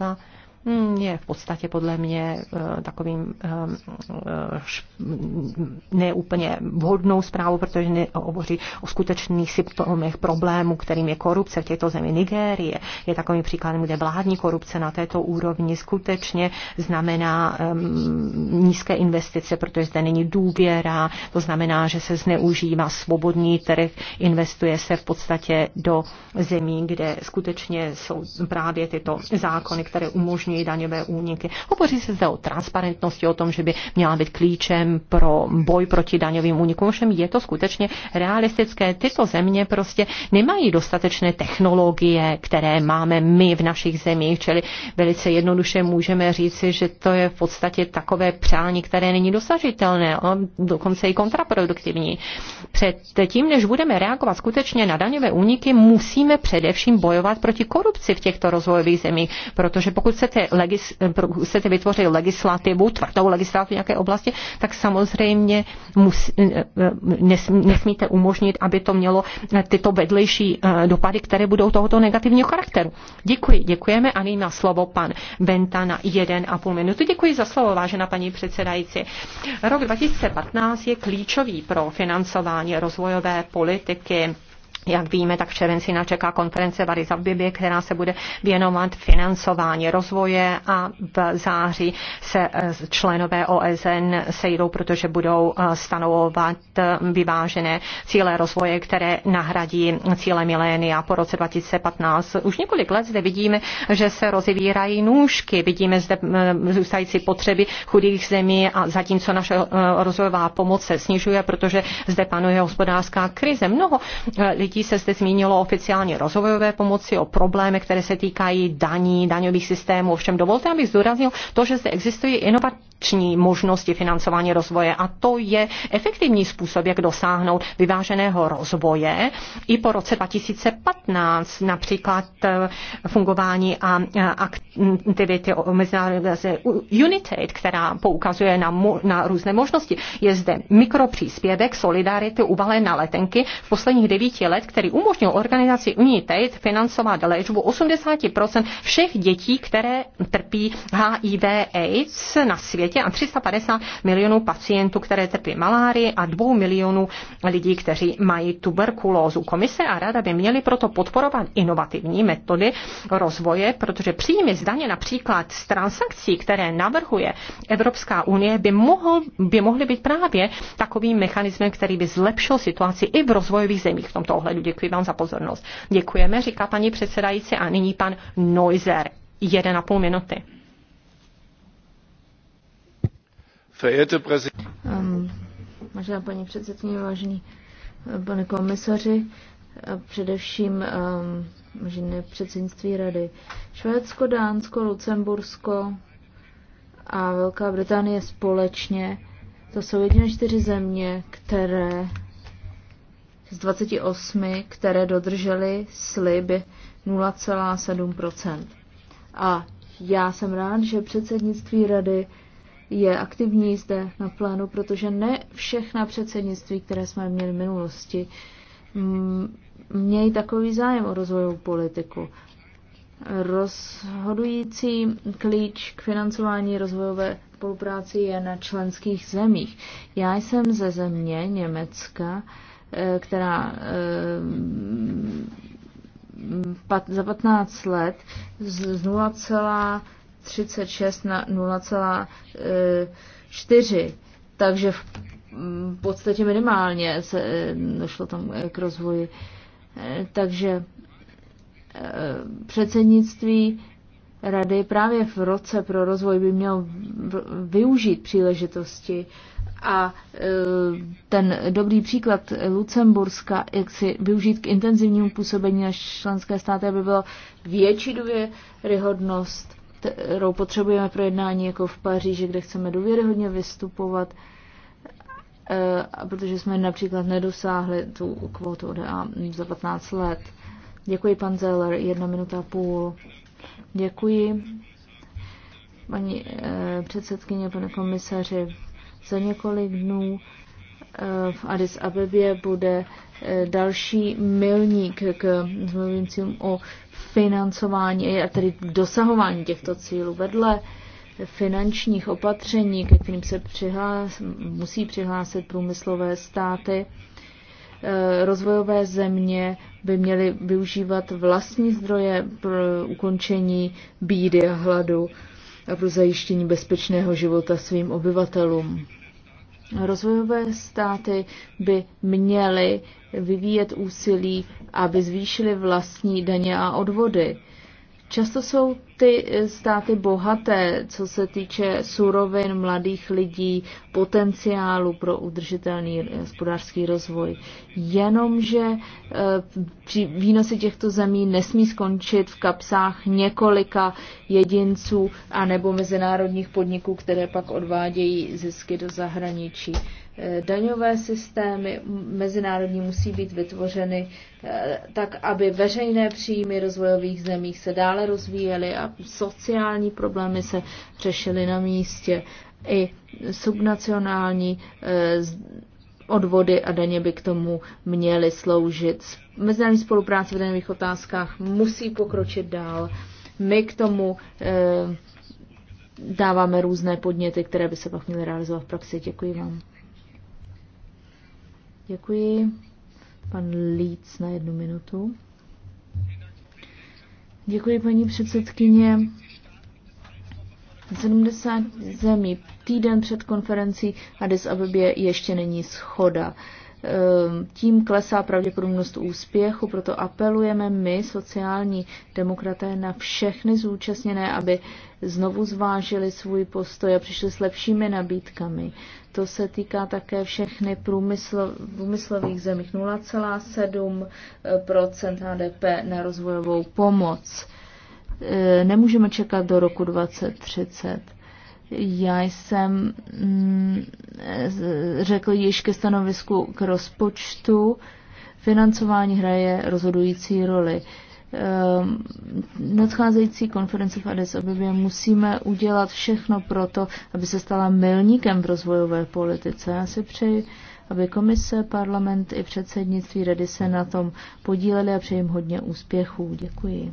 Hmm, je v podstatě podle mě eh, takovým eh, eh, neúplně vhodnou zprávou, protože hovoří o skutečných symptomech problémů, kterým je korupce v těchto zemi. Nigérie je takovým příkladem, kde vládní korupce na této úrovni skutečně znamená ehm, nízké investice, protože zde není důvěra, to znamená, že se zneužívá svobodný trh, investuje se v podstatě do zemí, kde skutečně jsou právě tyto zákony, které umožňují umožňují daňové úniky. Hovoří se zde o transparentnosti, o tom, že by měla být klíčem pro boj proti daňovým únikům. Všem je to skutečně realistické. Tyto země prostě nemají dostatečné technologie, které máme my v našich zemích, čili velice jednoduše můžeme říci, že to je v podstatě takové přání, které není dosažitelné, a dokonce i kontraproduktivní. Před tím, než budeme reagovat skutečně na daňové úniky, musíme především bojovat proti korupci v těchto rozvojových zemích, protože pokud chcete chcete, legis, chcete vytvořit legislativu, tvrdou legislativu v nějaké oblasti, tak samozřejmě mus, eh, eh, nesmí, nesmíte umožnit, aby to mělo eh, tyto vedlejší dopady, které budou tohoto negativního charakteru. Děkuji, děkujeme a nyní má slovo pan Venta na jeden a půl minuty. Děkuji za slovo, vážená paní předsedající. Rok 2015 je klíčový pro financování rozvojové politiky jak víme, tak v červenci nás čeká konference v Addis která se bude věnovat financování rozvoje a v září se eh, členové OSN sejdou, protože budou eh, stanovovat eh, vyvážené cíle rozvoje, které nahradí cíle milénia po roce 2015. Už několik let zde vidíme, že se rozevírají nůžky, vidíme zde zůstající potřeby chudých zemí a zatímco naše rozvojová pomoc se snižuje, protože zde panuje hospodářská krize. Mnoho lidí lidí se zde zmínilo oficiálně rozvojové pomoci, o problémech, které se týkají daní, daňových systémů. Ovšem dovolte, abych zdůraznil to, že zde existují inovační možnosti financování rozvoje a to je efektivní způsob, jak dosáhnout vyváženého rozvoje i po roce 2015, například eh, fungování a eh, aktivity United, která poukazuje na, na různé možnosti. Je zde mikropříspěvek Solidarity uvalen na letenky. V posledních devíti letech let, který umožnil organizaci Unitaid financovat léčbu 80% všech dětí, které trpí HIV AIDS na světě a 350 milionů pacientů, které trpí malárii a 2 milionů lidí, kteří mají tuberkulózu. Komise a rada by měly proto podporovat inovativní metody rozvoje, protože příjmy zdaně například z transakcí, které navrhuje Evropská unie, by, mohl, by mohly být právě takovým mechanismem, který by zlepšil situaci i v rozvojových zemích v tomto ohledu ohledu. Děkuji vám za pozornost. Děkujeme, říká paní předsedající a nyní pan Noizer. Jeden a půl minuty. Um, vážená paní předsedkyně, vážený eh, pane komisaři, eh, především um, ehm, ženy předsednictví rady. Švédsko, Dánsko, Lucembursko a Velká Británie společně, to jsou jediné čtyři země, které z 28, které dodržely sliby 0,7 A já jsem rád, že předsednictví rady je aktivní zde na plánu, protože ne všechna předsednictví, které jsme měli v minulosti, mm, mějí takový zájem o rozvojovou politiku. Rozhodující klíč k financování rozvojové spolupráci je na členských zemích. Já jsem ze země Německa, Eh, která eh, za 15 let z 0,36 na 0,4. Eh, takže v podstatě minimálně se došlo tam k rozvoji. Takže předsednictví rady právě v roce pro rozvoj by měl využít příležitosti a e, ten dobrý příklad Lucemburska, jak si využít k intenzivnímu působení na členské státy, aby bylo větší důvěryhodnost, kterou potřebujeme pro jednání jako v Paříži, kde chceme důvěryhodně vystupovat, e, protože jsme například nedosáhli tu kvotu ODA za 15 let. Děkuji, pan Zeller, jedna minuta a půl. Děkuji, paní eh, předsedkyně, pane komisaři. Za několik dnů eh, v Addis Abebě bude eh, další milník k zmluvím o financování a tedy dosahování těchto cílů. Vedle finančních opatření, ke kterým se přihlás, musí přihlásit průmyslové státy, Eh, rozvojové země by měly využívat vlastní zdroje pro ukončení bídy a hladu a pro zajištění bezpečného života svým obyvatelům. Rozvojové státy by měly vyvíjet úsilí, aby zvýšily vlastní daně a odvody. Často jsou ty eh, státy bohaté, co se týče surovin mladých lidí, potenciálu pro udržitelný hospodářský rozvoj. Jenomže eh, výnosy těchto zemí nesmí skončit v kapsách několika jedinců a nebo mezinárodních podniků, které pak odvádějí zisky do zahraničí. Eh, daňové systémy mezinárodní musí být vytvořeny eh, tak, aby veřejné příjmy rozvojových zemích se dále rozvíjely a sociální problémy se řešily na místě. I subnacionální eh, odvody a daně by k tomu měly sloužit. Mezinárodní spolupráce v daňových otázkách musí pokročit dál. My k tomu dáváme různé podněty, které by se pak měly realizovat v praxi. Děkuji vám. Děkuji. Pan Líc na jednu minutu. Děkuji, paní předsedkyně. 70 zemí týden před konferencí Addis Abebě ještě není schoda. Ehm, tím klesá pravděpodobnost úspěchu, proto apelujeme my, sociální demokraté, na všechny zúčastněné, aby znovu zvážili svůj postoj a přišli s lepšími nabídkami. To se týká také všechny průmysl, průmyslových zemích 0,7 HDP na rozvojovou pomoc. Ehm, nemůžeme čekat do roku 2030 já jsem mm, řekl již ke stanovisku k rozpočtu. Financování hraje rozhodující roli. Ehm, nadcházející konference v Addis Abebě musíme udělat všechno pro to, aby se stala milníkem v rozvojové politice. Já si přeji, aby komise, parlament i předsednictví rady se na tom podíleli a přeji jim hodně úspěchů. Děkuji.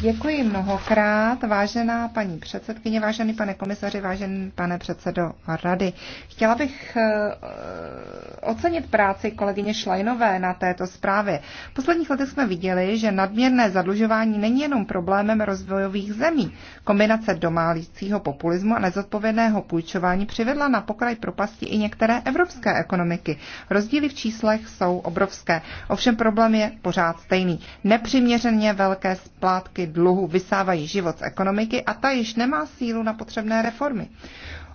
Děkuji mnohokrát, vážená paní předsedkyně, vážený pane komisaři, vážený pane předsedo rady. Chtěla bych eh, ocenit práci kolegyně Šlajnové na této zprávě. V posledních letech jsme viděli, že nadměrné zadlužování není jenom problémem rozvojových zemí. Kombinace domálícího populismu a nezodpovědného půjčování přivedla na pokraj propasti i některé evropské ekonomiky. Rozdíly v číslech jsou obrovské. Ovšem problém je pořád stejný. Nepřiměřeně velké splátky dluhu, vysávají život z ekonomiky a ta již nemá sílu na potřebné reformy.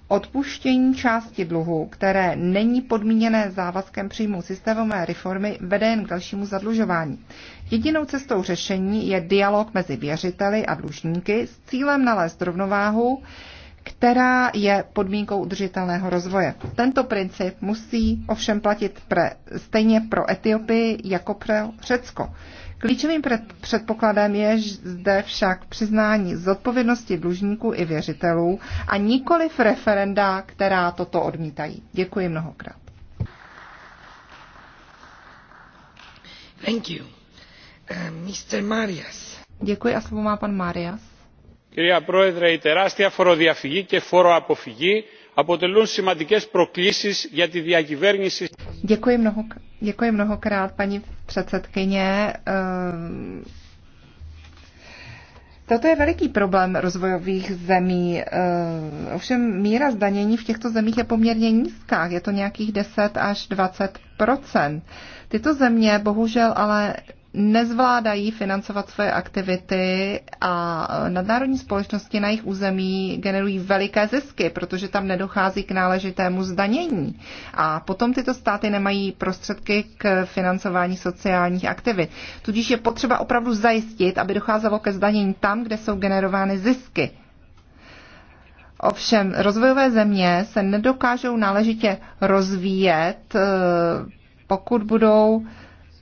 Odpuštění části dluhu, které není podmíněné závazkem příjmu systémové reformy, vede jen k dalšímu zadlužování. Jedinou cestou řešení je dialog mezi věřiteli a dlužníky s cílem nalézt rovnováhu, která je podmínkou udržitelného rozvoje. Tento princip musí ovšem platit pre, stejně pro Etiopii jako pro Řecko. Klíčovým předpokladem je zde však přiznání zodpovědnosti dlužníků i věřitelů a v referenda, která toto odmítají. Děkuji mnohokrát. Thank you. Uh, eh, Mr. Marias. Děkuji a slovo má pan Marias. Κυρία Πρόεδρε, η τεράστια φοροδιαφυγή και φοροαποφυγή αποτελούν σημαντικές προκλήσεις για τη διακυβέρνηση. Děkuji, mnoho, děkuji mnohokrát, paní předsedkyně. Ehm, toto je veliký problém rozvojových zemí. Ehm, ovšem míra zdanění v těchto zemích je poměrně nízká. Je to nějakých 10 až 20 Tyto země bohužel ale nezvládají financovat své aktivity a nadnárodní společnosti na jejich území generují veliké zisky, protože tam nedochází k náležitému zdanění. A potom tyto státy nemají prostředky k financování sociálních aktivit. Tudíž je potřeba opravdu zajistit, aby docházelo ke zdanění tam, kde jsou generovány zisky. Ovšem, rozvojové země se nedokážou náležitě rozvíjet, eh, pokud budou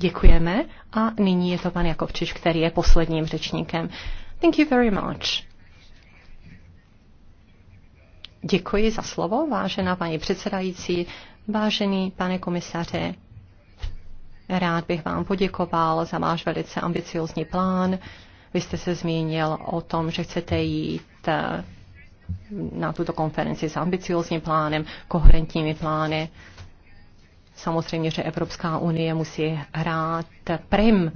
Děkujeme a nyní je to pan Jakovčič, který je posledním řečníkem. Thank you very much. Děkuji za slovo, vážená paní předsedající, vážený pane komisaře. Rád bych vám poděkoval za váš velice ambiciozní plán. Vy jste se zmínil o tom, že chcete jít eh, na tuto konferenci s ambiciozním plánem, koherentními plány. Samozřejmě, že Evropská unie musí hrát prim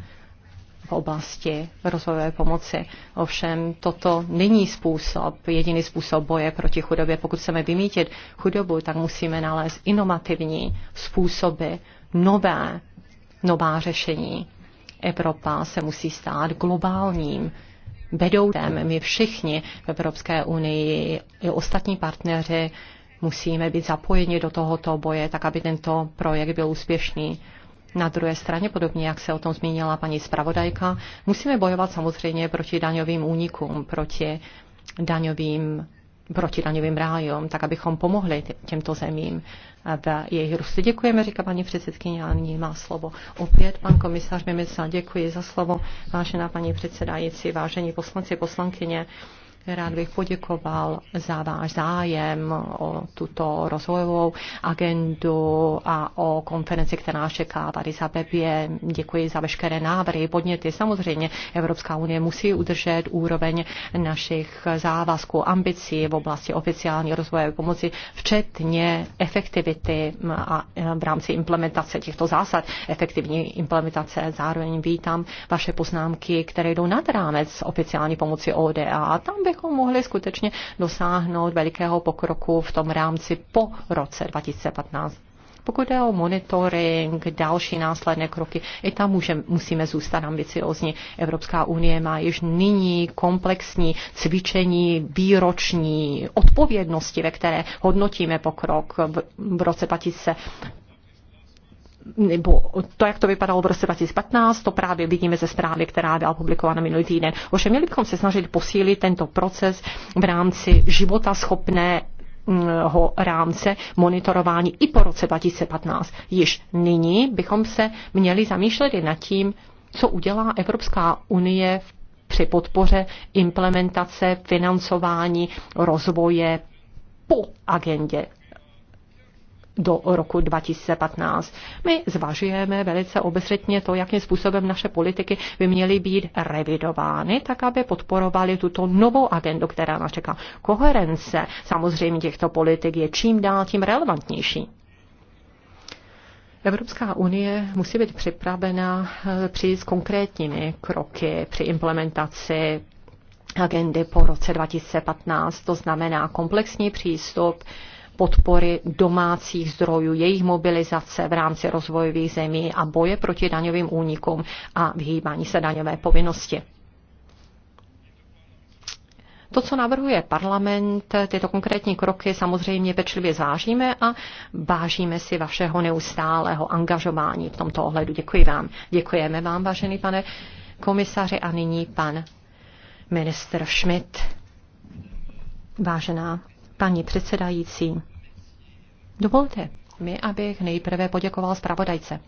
v oblasti rozvojové pomoci. Ovšem toto není způsob, jediný způsob boje proti chudobě. Pokud chceme vymítit chudobu, tak musíme nalézt inovativní způsoby, nové, nová řešení. Evropa se musí stát globálním vedoucem. My všichni v Evropské unii i ostatní partneři musíme být zapojeni do tohoto boje, tak aby tento projekt byl úspěšný. Na druhé straně, podobně jak se o tom zmínila paní zpravodajka, musíme bojovat samozřejmě proti daňovým únikům, proti daňovým proti daňovým rájům, tak abychom pomohli těmto zemím v jejich růstu. Děkujeme, říká paní předsedkyně, a nyní má slovo opět pan komisař Mimica. Děkuji za slovo, vážená paní předsedající, vážení poslanci, poslankyně. Rád bych poděkoval za váš zájem o tuto rozvojovou agendu a o konferenci, která čeká Tady za Abebě. Děkuji za veškeré návrhy, podněty. Samozřejmě Evropská unie musí udržet úroveň našich závazků, ambicí v oblasti oficiální rozvojové pomoci, včetně efektivity a v rámci implementace těchto zásad, efektivní implementace. Zároveň vítám vaše poznámky, které jdou nad rámec oficiální pomoci ODA. Tam by bychom mohli skutečně dosáhnout velikého pokroku v tom rámci po roce 2015. Pokud je o monitoring, další následné kroky, i tam může, musíme zůstat ambiciozní. Evropská unie má již nyní komplexní cvičení výroční odpovědnosti, ve které hodnotíme pokrok v, v roce 2015 nebo to, jak to vypadalo v roce 2015, to právě vidíme ze zprávy, která byla publikována minulý týden. Ovšem měli bychom se snažit posílit tento proces v rámci života schopné mm, ho rámce monitorování i po roce 2015. Již nyní bychom se měli zamýšlet i nad tím, co udělá Evropská unie při podpoře implementace, financování, rozvoje po agendě do roku 2015. My zvažujeme velice obezřetně to, jakým způsobem naše politiky by měly být revidovány, tak aby podporovaly tuto novou agendu, která nás čeká. Koherence samozřejmě těchto politik je čím dál tím relevantnější. Evropská unie musí být připravena eh, přijít s konkrétními kroky při implementaci agendy po roce 2015, to znamená komplexní přístup, podpory domácích zdrojů, jejich mobilizace v rámci rozvojových zemí a boje proti daňovým únikům a vyhýbání se daňové povinnosti. To, co navrhuje parlament, tyto konkrétní kroky samozřejmě pečlivě zvážíme a vážíme si vašeho neustálého angažování v tomto ohledu. Děkuji vám. Děkujeme vám, vážený pane komisaři, a nyní pan minister Schmidt. Vážená paní předsedající, Dovolte mi, abych nejprve poděkoval zpravodajce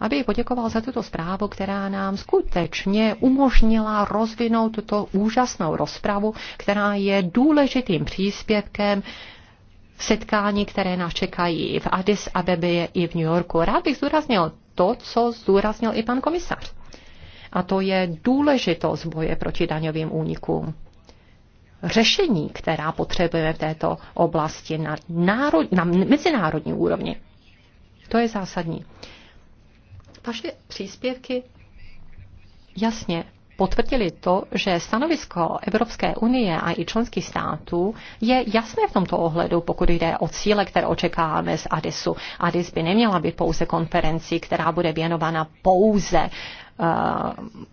aby poděkoval za tuto zprávu, která nám skutečně umožnila rozvinout tuto úžasnou rozpravu, která je důležitým příspěvkem setkání, které nás čekají v Addis Abebe i v New Yorku. Rád bych zdůraznil to, co zdůraznil i pan komisař. A to je důležitost boje proti daňovým únikům řešení, která potřebujeme v této oblasti na, národ, na mezinárodní úrovni. To je zásadní. Vaše příspěvky jasně potvrdili to, že stanovisko Evropské unie a i členských států je jasné v tomto ohledu, pokud jde o cíle, které očekáváme z Adisu. Adis by neměla být pouze konferenci, která bude věnována pouze uh,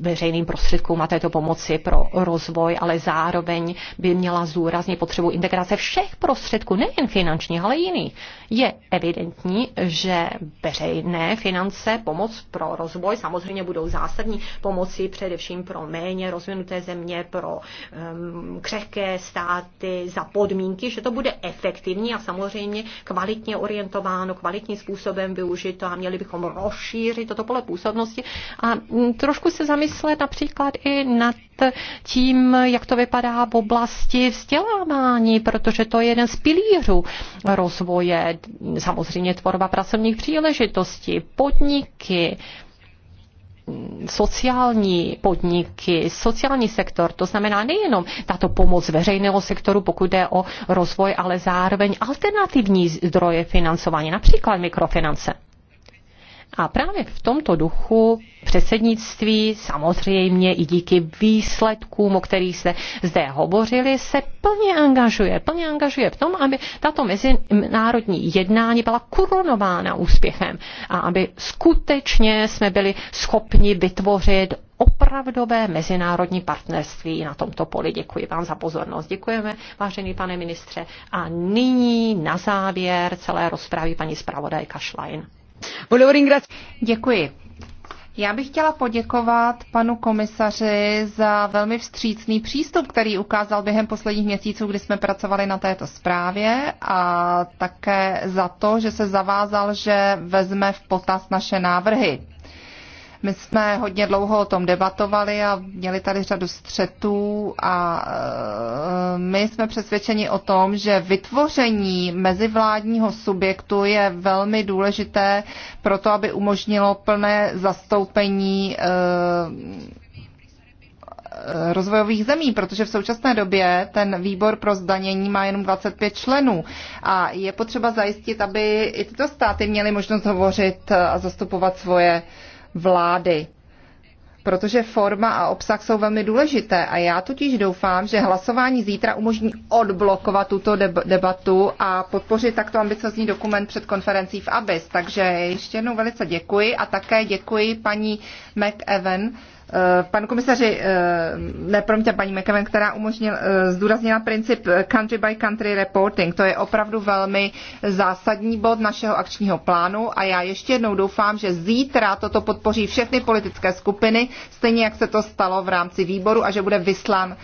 veřejným prostředkům a této pomoci pro rozvoj, ale zároveň by měla zúrazně potřebu integrace všech prostředků, nejen finančních, ale jiných. Je evidentní, že veřejné finance, pomoc pro rozvoj samozřejmě budou zásadní pomoci především pro méně rozvinuté země, pro um, křehké státy za podmínky, že to bude efektivní a samozřejmě kvalitně orientováno, kvalitním způsobem využito a měli bychom rozšířit toto pole působnosti a mm, trošku se zamyslet například i nad tím, jak to vypadá v oblasti vzdělávání, protože to je jeden z pilířů rozvoje, samozřejmě tvorba pracovních příležitostí, podniky, sociální podniky, sociální sektor, to znamená nejenom tato pomoc veřejného sektoru, pokud jde o rozvoj, ale zároveň alternativní zdroje financování, například mikrofinance. A právě v tomto duchu předsednictví, samozřejmě i díky výsledkům, o kterých jste zde hovořili, se plně angažuje, plně angažuje v tom, aby tato mezinárodní jednání byla korunována úspěchem a aby skutečně jsme byli schopni vytvořit opravdové mezinárodní partnerství na tomto poli. Děkuji vám za pozornost. Děkujeme, vážený pane ministře. A nyní na závěr celé rozpravy paní zpravodajka Schlein. Děkuji. Já bych chtěla poděkovat panu komisaři za velmi vstřícný přístup, který ukázal během posledních měsíců, kdy jsme pracovali na této zprávě a také za to, že se zavázal, že vezme v potaz naše návrhy. My jsme hodně dlouho o tom debatovali a měli tady řadu střetů a eh, my jsme přesvědčeni o tom, že vytvoření mezivládního subjektu je velmi důležité pro to, aby umožnilo plné zastoupení eh, rozvojových zemí, protože v současné době ten výbor pro zdanění má jenom 25 členů a je potřeba zajistit, aby i tyto státy měly možnost hovořit a zastupovat svoje uh, vlády protože forma a obsah jsou velmi důležité a já totiž doufám, že hlasování zítra umožní odblokovat tuto debatu a podpořit takto ambiciozní dokument před konferencí v ABIS. Takže ještě jednou velice děkuji a také děkuji paní McEwen Eh, pan komisaři, eh, ne, mě, paní McEwen, která umožnil, eh, zdůraznila princip country by country reporting. To je opravdu velmi zásadní bod našeho akčního plánu a já ještě jednou doufám, že zítra toto podpoří všechny politické skupiny, stejně jak se to stalo v rámci výboru a že bude vyslán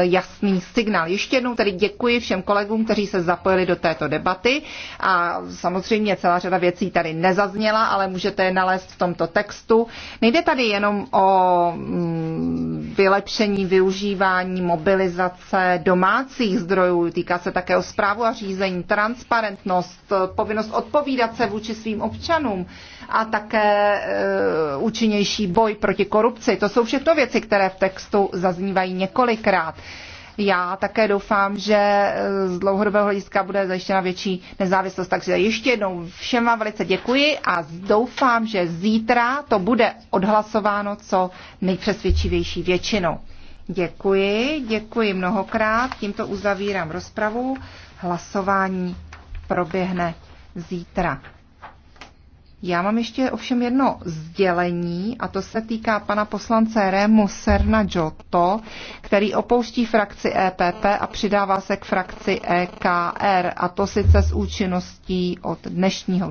jasný signál. Ještě jednou tedy děkuji všem kolegům, kteří se zapojili do této debaty a samozřejmě celá řada věcí tady nezazněla, ale můžete je nalézt v tomto textu. Nejde tady jenom o o mm, vylepšení využívání mobilizace domácích zdrojů, týká se také o zprávu a řízení, transparentnost, povinnost odpovídat se vůči svým občanům a také eh, účinnější boj proti korupci. To jsou všechno věci, které v textu zaznívají několikrát. Já také doufám, že eh, z dlouhodobého hlediska bude zajištěna větší nezávislost. Takže ještě jednou všem vám velice děkuji a doufám, že zítra to bude odhlasováno co nejpřesvědčivější většinou. Děkuji, děkuji mnohokrát. Tímto uzavírám rozpravu. Hlasování proběhne zítra. Já mám ještě ovšem jedno sdělení a to se týká pana poslance Rému Serna Giotto, který opouští frakci EPP a přidává se k frakci EKR a to sice s účinností od dnešního